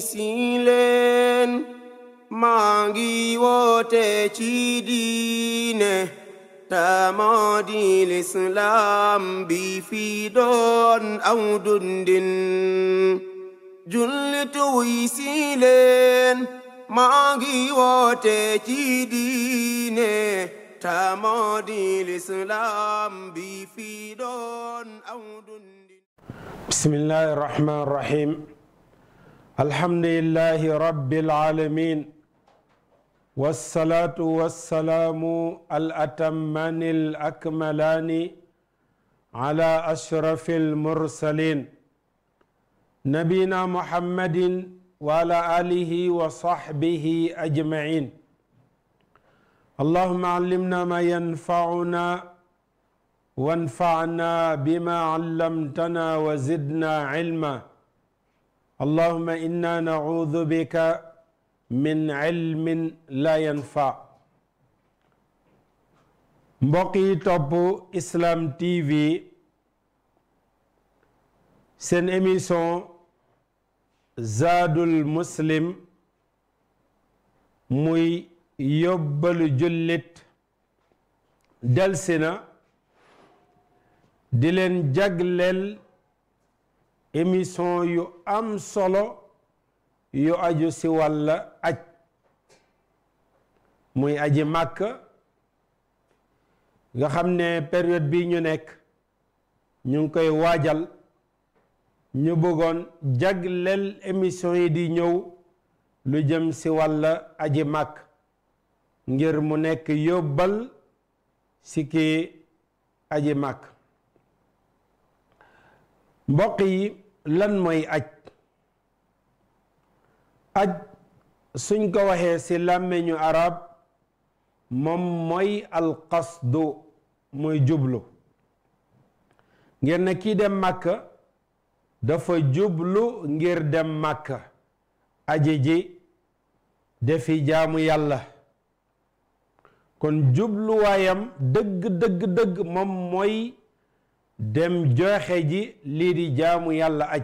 si leen maa ngi woote ci diine tama di lislaam bi fi doon aw dundin jullit wi si leen maa ngi woote ci diine tama di lislaam bi fi doon aw dundin bismillahi rahmaani rahim الحمد لله رب العالمين والصلاة والسلام الأتمان الأكملان على أشرف المرسلين نبينا محمد وعلى آله وصحبه أجمعين اللهم علمنا ما ينفعنا وانفعنا بما علمتنا وزدنا علما اللهم إنا نعوذ بك من علم لا ينفع مبقي توبو إسلام تي في سن إميسون زاد المسلم مي يبل جلت دلسنا دلن جغلل emision yu am solo yu aju si wàlla aj muy aji màkka nga xam ne période bi ñu nekk ñu koy waajal ñu bëggoon jagleel émission yi di ñëw lu jëm ci wàlla aji màkk ngir mu nekk yóbbal si kii aji màkk mbokk yi lan mooy aj aj suñ ko waxee ci làmmiñu arab moom mooy alqasdu mooy jublu ngir ne kii dem màkka dafa jublu ngir dem màkka aji ji defi jaamu yàlla kon jubluwaayam dëgg dëgg dëgg moom mooy dem joxe ji lii di jaamu yàlla aj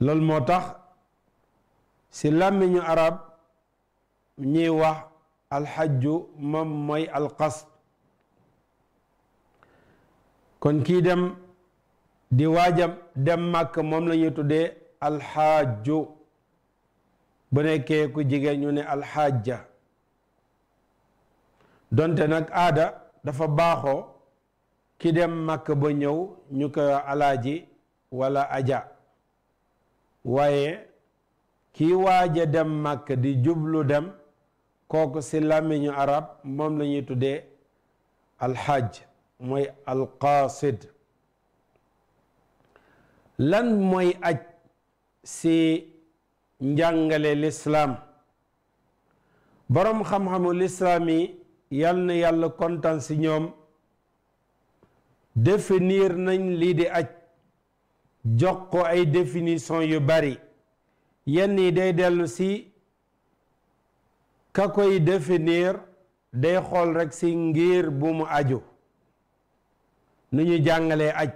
lool moo tax ci làmmiñu arab ñuy wax ju moom mooy alxas kon kii dem di waajam dem màkk moom la ñuy tuddee alxaaju bu nekkee ku jigéen ñu ne ja donte nag aada dafa baaxoo ki dem makka ba ñew ñu alaaji wala aja waye ki waaja dem makka di jublu dem koku si lamiñu arab lañuy la al hajj moy al alqasid lan moy aj si njàngale l'islam borom xam-xamu Islami, yalna yalla na yàlla kontaan si définir nañ li di aj jox ko ay définition yu bari yenn yi day dellu si ka koy définir day xool rek si ngir bu mu aju nu ñu jàngalee aj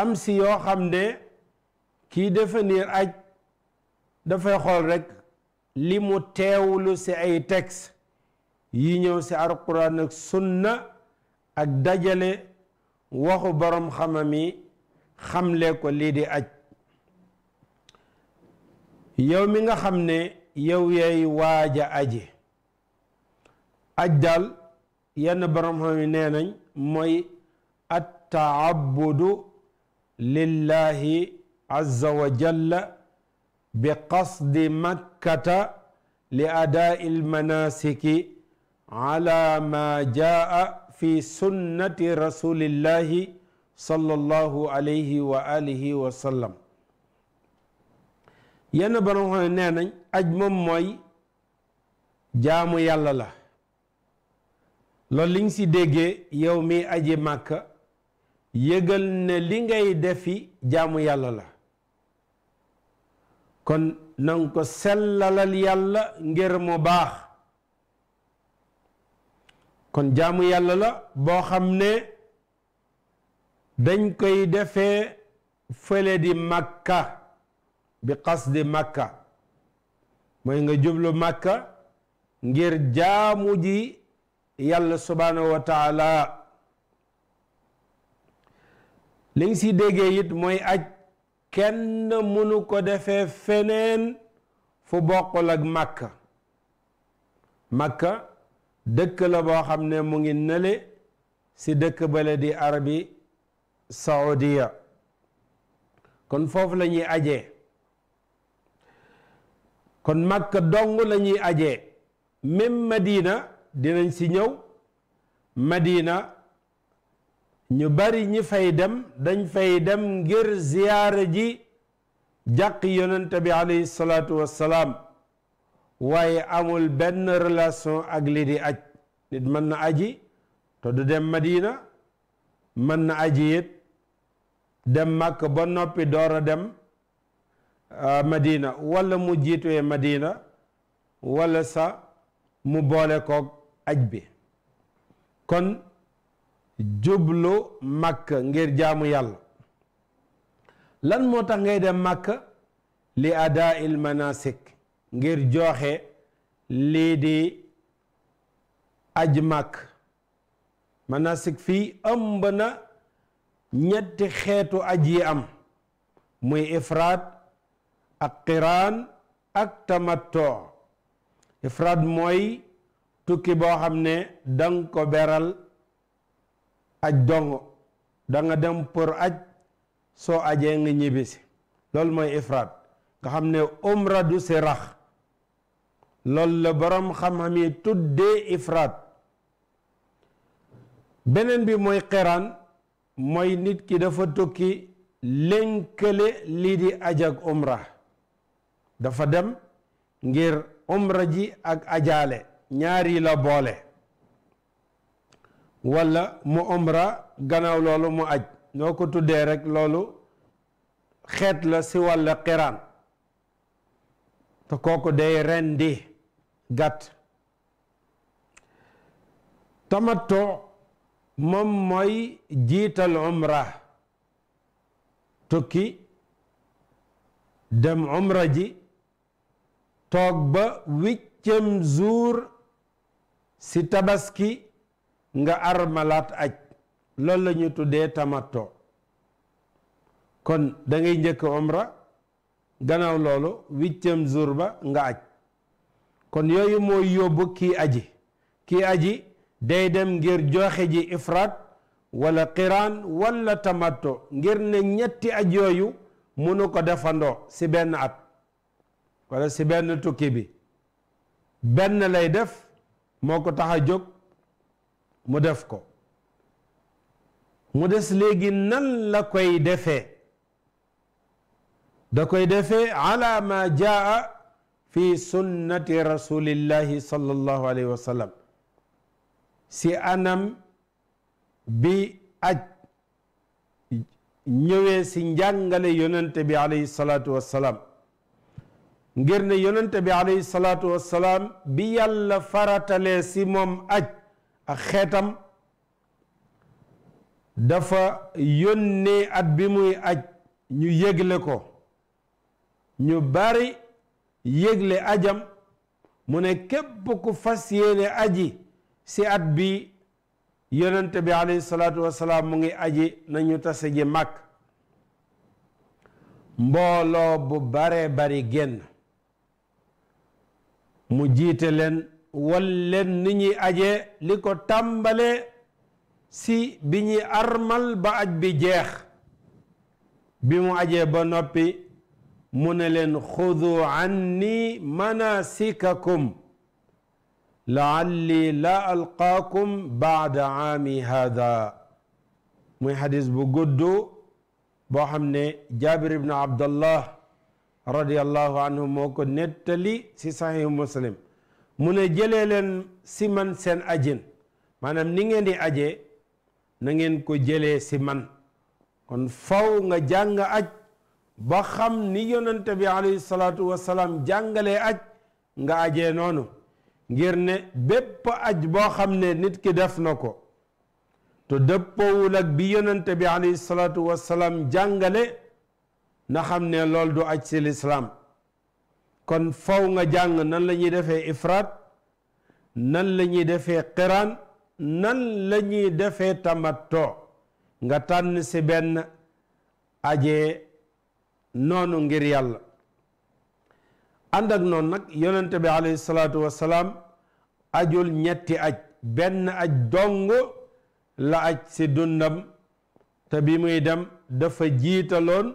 am si yoo xam ne kii définir aj dafay xool rek li mu teewlu si ay texte yi ñëw si arquran ak sunna ak dajale waxu borom xamam yi xamle ko lii aj yow mi nga xam ne yow yay waaja aji aj daal yenn borom xam yi nee nañ mooy attaabudu lillahi azza wa jalla bi qasdi makkata li adaa il manasiki ma jaa fi sunnati rasulillahi sallallahu wa alihi wa sallam yenn borom xam ne nee nañ aj moom mooy jaamu yàlla la loolu liñ si déggee yow mi aji màkka yëgal ne li ngay defi jaamu yàlla la kon nanga ko sellalal yàlla ngir mu baax kon jaamu yàlla la boo xam ne dañ koy defee fële di màkka bi qasdi di màkka mooy nga jublu makka ngir jaamu ji yàlla subhaanahu wa taala li nga si déggee it mooy aj kenn mënu ko defee feneen fu bokkul ak màkka màkka dëkk la boo xam ne mu ngi nële si dëkk bale di arabi saudiya kon foofu lañuy ñuy ajee kon Makka dong lañuy ñuy ajee même Madina dinañ si ñëw Madina ñu bari ñi fay dem dañ fay dem ngir ziyaara ji jàq yonente bi alayhi salaatu wassalaam waaye amul benn relation ak lii di aj nit mën na aji te du dem Madina mën na aji it dem Màkk ba noppi door a dem euh, Madina wala mu jiitee Madina walla sa mu boole koog aj bi kon jublu Màkk ngir jaamu yàlla lan moo tax ngay dem Màkk li adaa il manasik ngir joxe li di ajmak manasik fi ambana na ñetti aji am muy ifrad ak qiran ak tamattu ifrad moy tukki bo xamne dang ko beral aj da nga dem pour aj so aje nga ñibisi lol moy ifrad nga xamne umra du sirah loolu la boroom xam-xam yi tuddee ifraat beneen bi mooy xeraan mooy nit ki dafa tukki lënkale lii di aj ak umra dafa dem ngir umra ji ak ajaale ñaari la boole walla mu umra gannaaw loolu mu aj noo ko tuddee rekk loolu xeet la ci wàlla xeraan te kooku ren di gàtt tamattu moom mooy jiital umra tukki dem umra ji toog ba huitième jour ci tabaski nga armalaat aj loolu la ñu tuddee tamattu kon dangay ngay njëkk umra gannaaw loolu huitième jour ba nga aj kon yooyu mooy yóbbu kii aji kii aji day dem ngir joxe ji ifraat wala qiraan wala tamatto ngir ne ñetti aj yooyu munu ko defandoo si benn at walla si benn tukki bi benn lay def moo ko tax a jóg mu def ko mu des léegi nan la koy defee da koy defee ala ma في سنة رسول الله صلى الله عليه وسلم si anam bi aj ñëwee si njàngale yonente bi alayhi salaatu wassalaam ngir ne yonente bi alayhi salaatu wassalaam bi yàlla faratalee si moom aj ak xeetam dafa yónnee at bi muy aj ñu yëgle ko ñu bari yégle ajam mu ne képp ku fas yéene aji ci at bi yonente bi alayhi salaatu wasalaam mu ngi aji nañu tase ji màkk mbooloo bu bare bari génn mu jiite leen wal leen ni ñuy ajee li ko tàmbale ci bi ñuy armal ba aj bi jeex bi mu ajee ba noppi منلن خذو عني مناسككم لعلي لا ألقاكم بعد عامي هذا مي حديث بو بقدو بحمن جابر بن عبد الله رضي الله عنه موكو نتلي سي صحيح مسلم من جليلن سمن سن اجين ما نم نين دي أجي نين كو جلي سمن كن فو نجان أجي ba xam ni yonante bi alayhi wa salam jangale aj nga aje nonu ngir ne bepp aj bo xamne nit ki def nako to te dëppoowul ak bi yonante bi alayhi wa salam jangale na xamne ne lool du aj si lislaam kon faw nga jang nan la defé ifrat nan la defé qiran nan la defé tamatto nga tan ci ben aje noonu ngir yàlla ànd ak noonu nag yonente bi alayhi salaatu wasalaam ajul ñetti aj benn aj dong la aj si dundam te bi muy dem dafa jiitaloon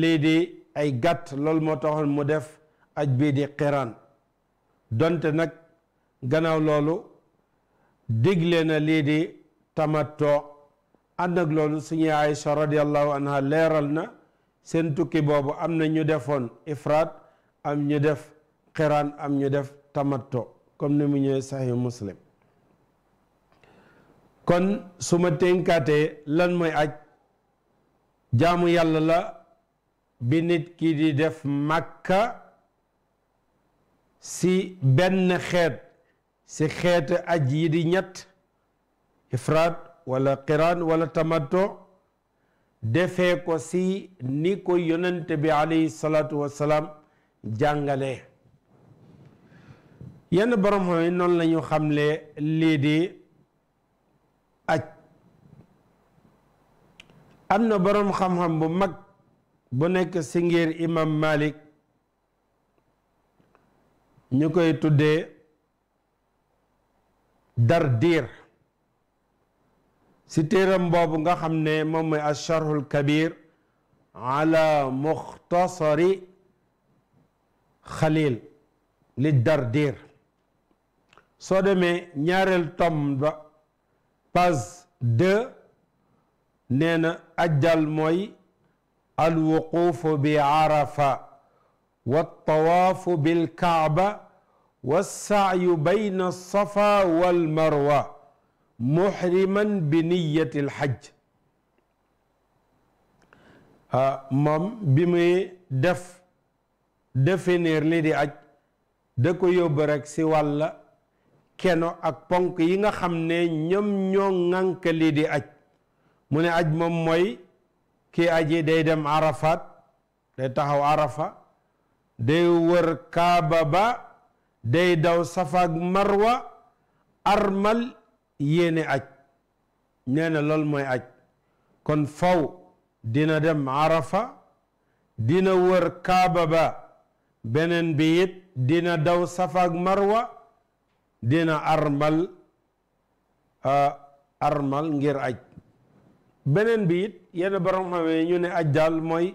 lii di ay gàtt loolu moo taxoon mu def aj bii di xiraan donte nag gannaaw loolu digle na lii di tamattoo ànd ak loolu suñu Aïcha radiallahu anha leeral na seen tukki boobu am na ñu defoon ifraat am ñu def xiraan am ñu def tamato comme ni mu ñëwee saxi muslim kon suma ma lan mooy aj jaamu yàlla la bi nit ki di def màkka si benn xeet si xeet aj yi di ñett ifraat walla xiraan walla tamato defee ko si ni ko yonente bi alayhi salaatu wasalaam jàngale yenn borom xam yi noonu la ñu xamle na borom xam bu mag bu nekk si ngir imam Malik ñu koy tuddee dardiir si téeram boobu nga xam ne moom mooy asharhul kabir ala muxtasari xalil li dardir soo demee ñaareel tom ba page deux nee na ajjal mooy alwuquufu bi arafa والطواف بالكعبة والسعي بين الصفا والمروة muhriman bi niyatil hajj ah, moom bi muy def définir li di aj da ko yóbbu rek si wàlla keno ak ponk yi nga xam ne ñoom ñoo ŋànk li di aj mu ne aj moom mooy kii aji day dem arafat day taxaw arafa day wër kaaba ba day daw safaak marwa armal yéene aj nee na loolu mooy aj kon faw dina dem arafa dina wër kaaba ba beneen bi it dina daw safaak marwa dina armal armal ngir aj beneen bi it yenn borom xamee ñu ne aj daal mooy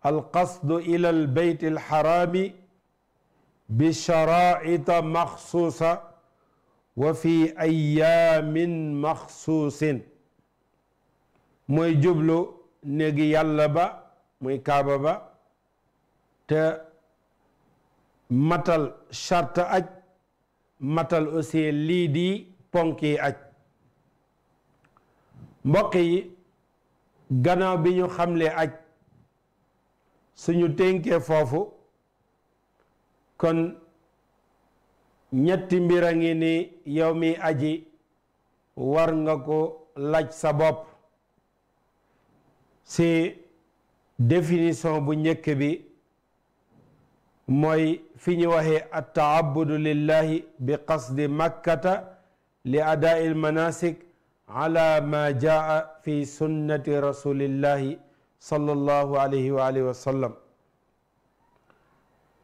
alqasdu ila al bayt alxarami bi sharaita maxsuusa wa fi ayaamin maxsuusin mooy jublu néegi yàlla ba muy kaaba ba te matal charte aj matal aussi lii di ponki aj mbokk yi gannaaw bi ñu xamle aj suñu tënkee foofu kon ñetti mbira ngi ni yow mi aji war nga ko laaj sa bopp si définition bu ñëkk bi mooy fi ñu waxee attaabudu lillahi bi qasdi makkata li adaa il manasik ala ma jaa fi sunnati rasulillahi sallallahu alayhi wa alihi wa sallam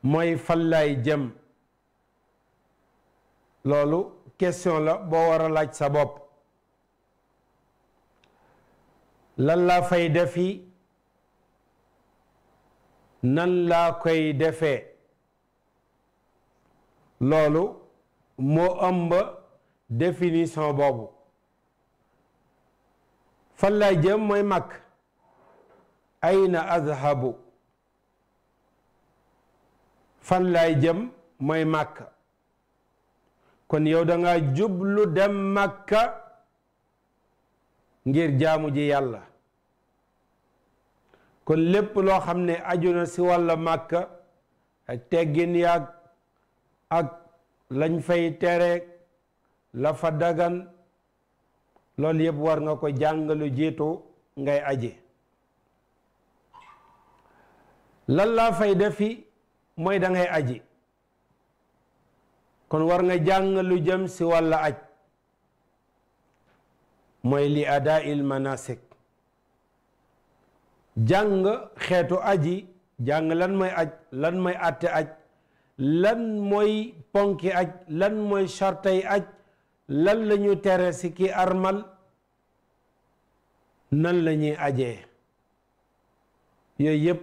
mooy fallaay jëm loolu question la boo wara laaj sa bopp lan laa fay defi nan laa koy defee loolu moo ëmb définition boobu fan laa jëm mooy mag ayna azhabu fan laay jëm mooy màkk kon yow da nga jublu dem makka ngir jaamu ji yalla kon lepp lo xamne ne aju na si ak teggin yaag ak lañ fay téré la fa dagan lol yeb war nga ko jangalu ngay aji lan fay defi moy da ngay aji kon war nga jang lu jëm ci wala aj moy li adaa'il manasik jang xetu aji jang lan moy aj lan moy atte aj lan moy ponki aj lan moy shartay aj lan lañu téré ci ki armal nan lañi ajé ajee yep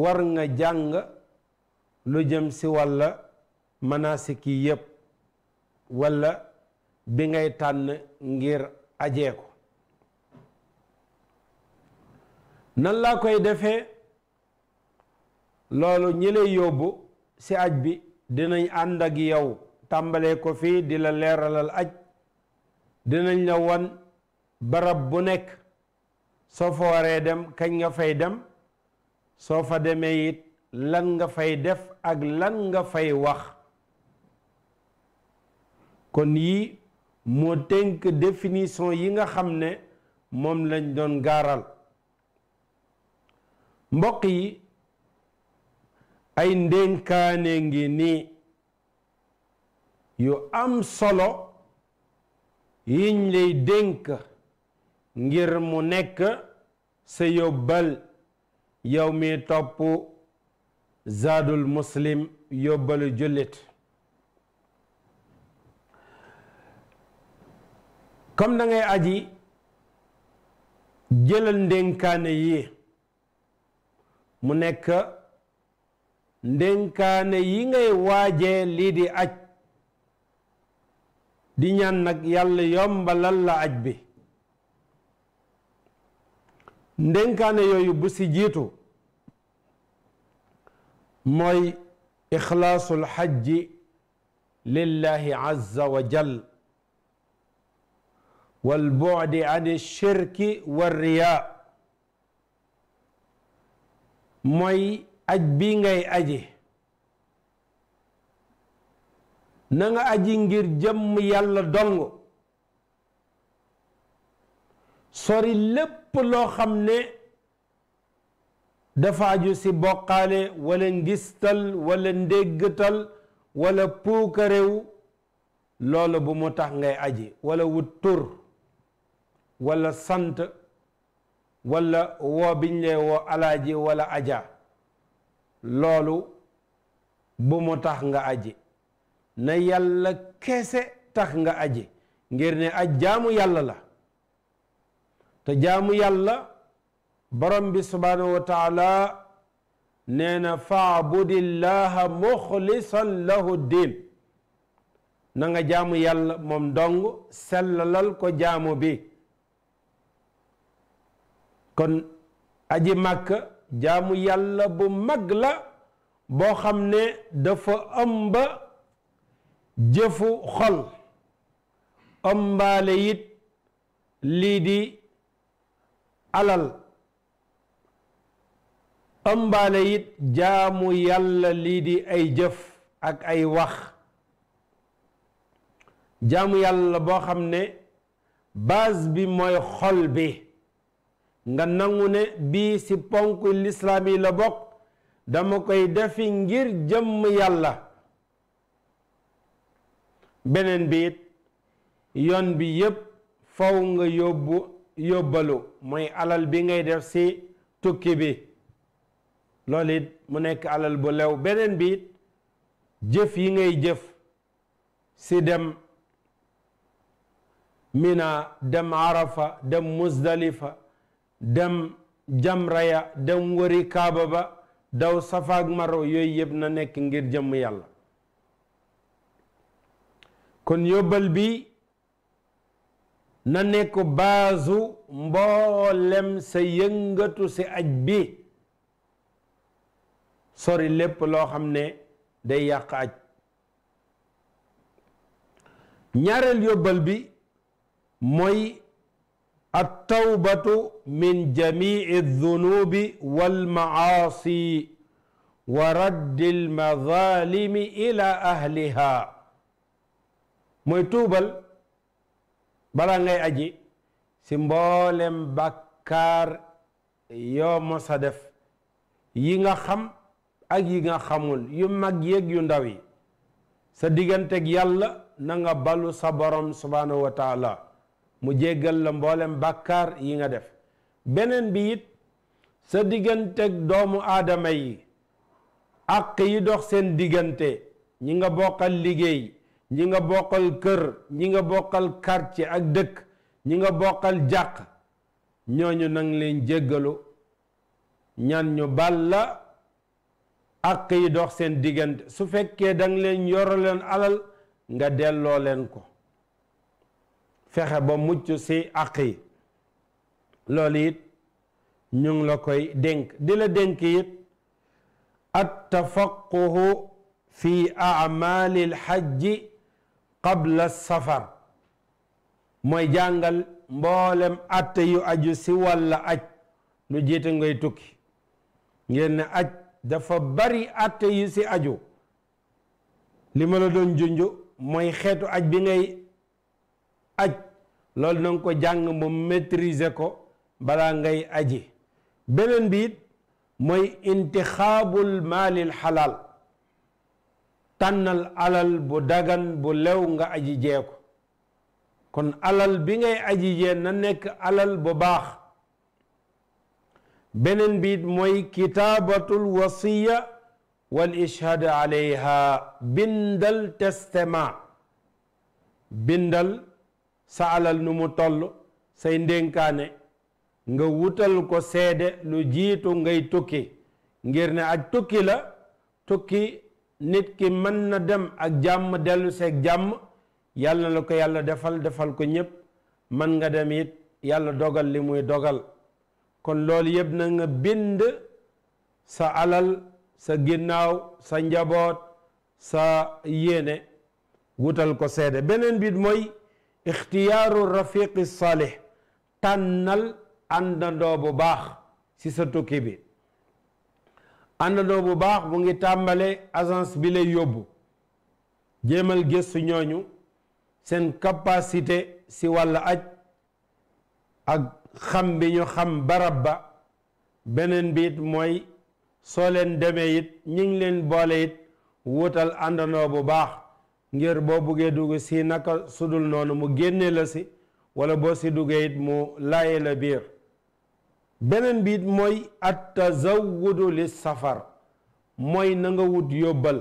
war nga jang lu jëm manasiki yépp walla bi ngay tànn ngir ajee ko nan laa koy defee loolu ñi lay yóbbu ci aj bi dinañ ànd ak yow tàmbalee ko fii di leeralal aj dinañ la wan barab bu nekk soo fa waree dem kañ nga fay dem soo fa demee it lan nga fay def ak lan nga fay wax kon yii moo tënk définition yi nga xam ne moom lañ doon gaaral mbokk yi ay ndénkaane ngi nii yu am solo yiñ lay dënk ngir mu nekk sa yóbbal yow mi topp zaadul muslim yóbbalu jullit comme da aji jëlal ndénkaane yi mu nekk ndénkaane yi ngay waaje lii di aj di ñaan nag yàlla yombalal la aj bi ndénkaane yooyu bu si jiitu mooy ixlaasul xajji lillahi azza wa jal wal bu'di ani shirki war riyaa mooy aj bi ngay aji nanga nga aji ngir jëmm yàlla dong sori lépp loo xam ne dafa aju ci bokkaale wala ngistal wala ndéggatal wala puukarew loolu bu mu tax ngay aji wala wut tur ولا سانت ولا و بنجي و الاجي ولا اجا لولو بومو تاخ nga اجي نا يالا كيسه تاخ nga اجي غير ني اجامو يالا لا تجامو يالا بروم بي سبحانه وتعالى نينا فاعبد الله مخلصا له الدين نغا جامو يالا موم دونغ سلالل كو جامو بي kon aji màkk jaamu yàlla bu mag la boo xam ne dafa ëmba jëfu xol ëmbaale it lii di alal ëmbaale it jaamu yàlla lii di ay jëf ak ay wax jaamu yàlla boo xam ne baas bi mooy xol bi nga nangu ne bii ci ponk lislaam yi la bokk dama koy defi ngir jëmm yàlla beneen biit yoon bi yépp faw nga yóbbu yóbbalu mooy alal bi ngay def ci tukki bi loolu it mu nekk alal bu lew beneen biit jëf yi ngay jëf si dem mina dem arafa dem musdalifa dem jamraya dem wëri kaaba ba daw safaak maro yooyu yëpp na nekk ngir jëmm yàlla kon yóbbal bi na nekk baasu mboolem sa yëngatu ci aj bi sori lépp loo xam ne day yàq aj ñaareel yóbbal bi mooy التوبة من جميع الذنوب والمعاصي ورد المظالم إلى أهلها موي توبال بالا غاي اجي سي مبولم بكار يو موسى ديف ييغا خام اك ييغا خامول يو ماغ ييك يو نداوي سا ديغانتك يالا نغا بالو سا بروم سبحانه وتعالى mu jéggal la mboolem bakkar yi nga def Benen bi it sa adamai. doomu adama yi ak yi dox sen digënté ñi nga bokal liggéey ñi nga bokal kër ñi nga bokal quartier ak dëkk ñi nga bokal jaq ñoñu nang leen jéggalu ñan ñu balla ak yi dox sen digënté su dang leen yoro alal nga delo leen ko fexe ba mucc ci àq yi loolu it ñu ngi la koy dénk di la dénk it at tafaqquhu fi aamali lxajji qabla safar mooy jàngal mboolem atte yu aju si walla aj lu jiite ngay tukki ngeen ne aj dafa bari atte yu si aju li ma la doon junj mooy xeetu aj bi ngay aj lol nang ko jàng mo maîtriser ko bala ngay aji benen bi moy intikhabul intixaabul maalil xalaal alal bu dagan bu lew nga aji jee ko kon alal bi ngay aji je na nek alal bu bax benen bi moy kitabatul wasiya wal ishaad alayha bindal testament bindal sa alal nu mu toll say ndénkaane nga wutal ko seede lu jiitu ngay tukki ngir ne ak tukki la tukki nit ki mën na dem ak jàmm dellu seeg jàmm yàlla na la ko yàlla defal defal ko ñépp mën nga dem it yàlla dogal li muy dogal kon loolu yëpp na nga bind sa alal sa ginnaaw sa njaboot sa yéene wutal ko seede beneen biit mooy ixtiyaaru rafiqi salih tànnal àndandoo bu baax ci sa tukki bi àndandoo bu baax mu ngi tàmbale agence bi lay yóbbu jéemal gëstu ñooñu seen capacité ci wàlla aj ak xam bi ñu xam barab ba beneen bi it mooy soo leen demee it ñi ngi leen boole it wutal àndandoo bu baax ngir boo buggee dugg si naka sudul noonu mu génne la si wala boo ci duggee it mu laaye la biir beneen biit mooy at tazawudu li safar mooy nanga wut yóbbal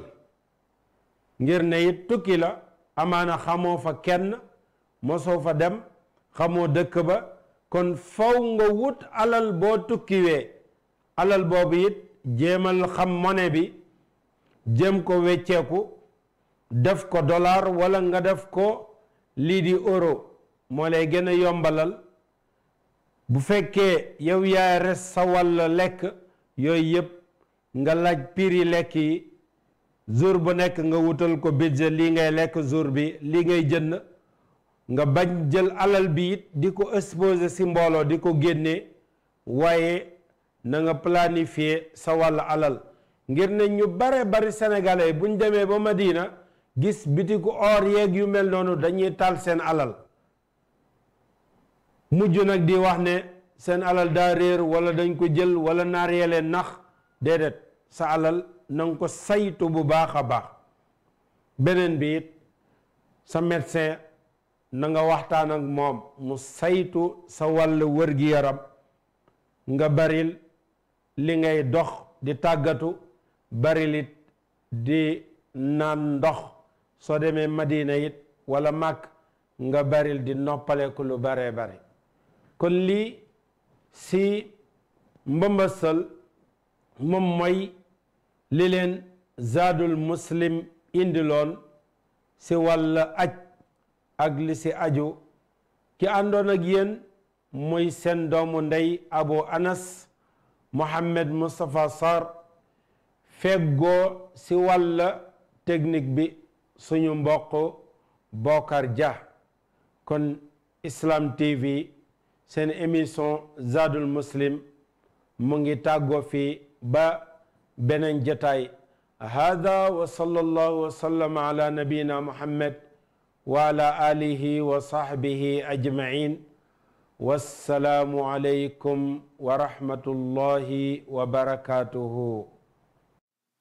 ngir ne it tukki la amaana xamoo fa kenn mosoo fa dem xamoo dëkk ba kon fow nga wut alal boo tukkiwee alal boobu it jéemal xam mone bi jéem ko wecceeku def ko dollar walla nga def ko lii di euro moo lay gën a yombalal bu fekkee yow yaay res sa wàll lekk yooyu yëpp nga laaj piir yi lekk yi jour bu nekk nga wutal ko budget li ngay lekk jour bi li ngay jënd nga bañ jël alal bi it di ko exposer si mbooloo di ko génne waaye na nga planifier sa wàll alal ngir ne ñu bare bari sénégalais buñ demee ba Madina gis bitiku or yeeg yu mel noonu dañuy taal seen alal mujj nag di wax ne seen alal daa réer wala dañ ko jël walla naar yee leen nax déedéet sa alal na ko saytu bu baax a baax beneen bi it sa médecin na nga waxtaan ak moom mu saytu sa wàll wër gi yaram nga baril li ngay dox di tàggatu baril it di naan ndox soo demee Madina it wala màkk nga baril di noppaleku lu baree bare kon lii si mbambasal moom mooy li leen zaadul muslim indiloon si wàlla aj ak li si aju ki àndoon ak yéen muy seen doomu ndey abu anas mohammed moustapha sarr feggoo si wàlla technique bi suñu mbokk Bokar Dia kon Islam TV seen émission Zadul Muslim mu ngi tàggo fi ba beneen jotaay hada wa sallallahu wa sallam ala nabiyina muhammad wa ala alihi wa sahbihi ajmain والسلام عليكم ورحمه الله وبركاته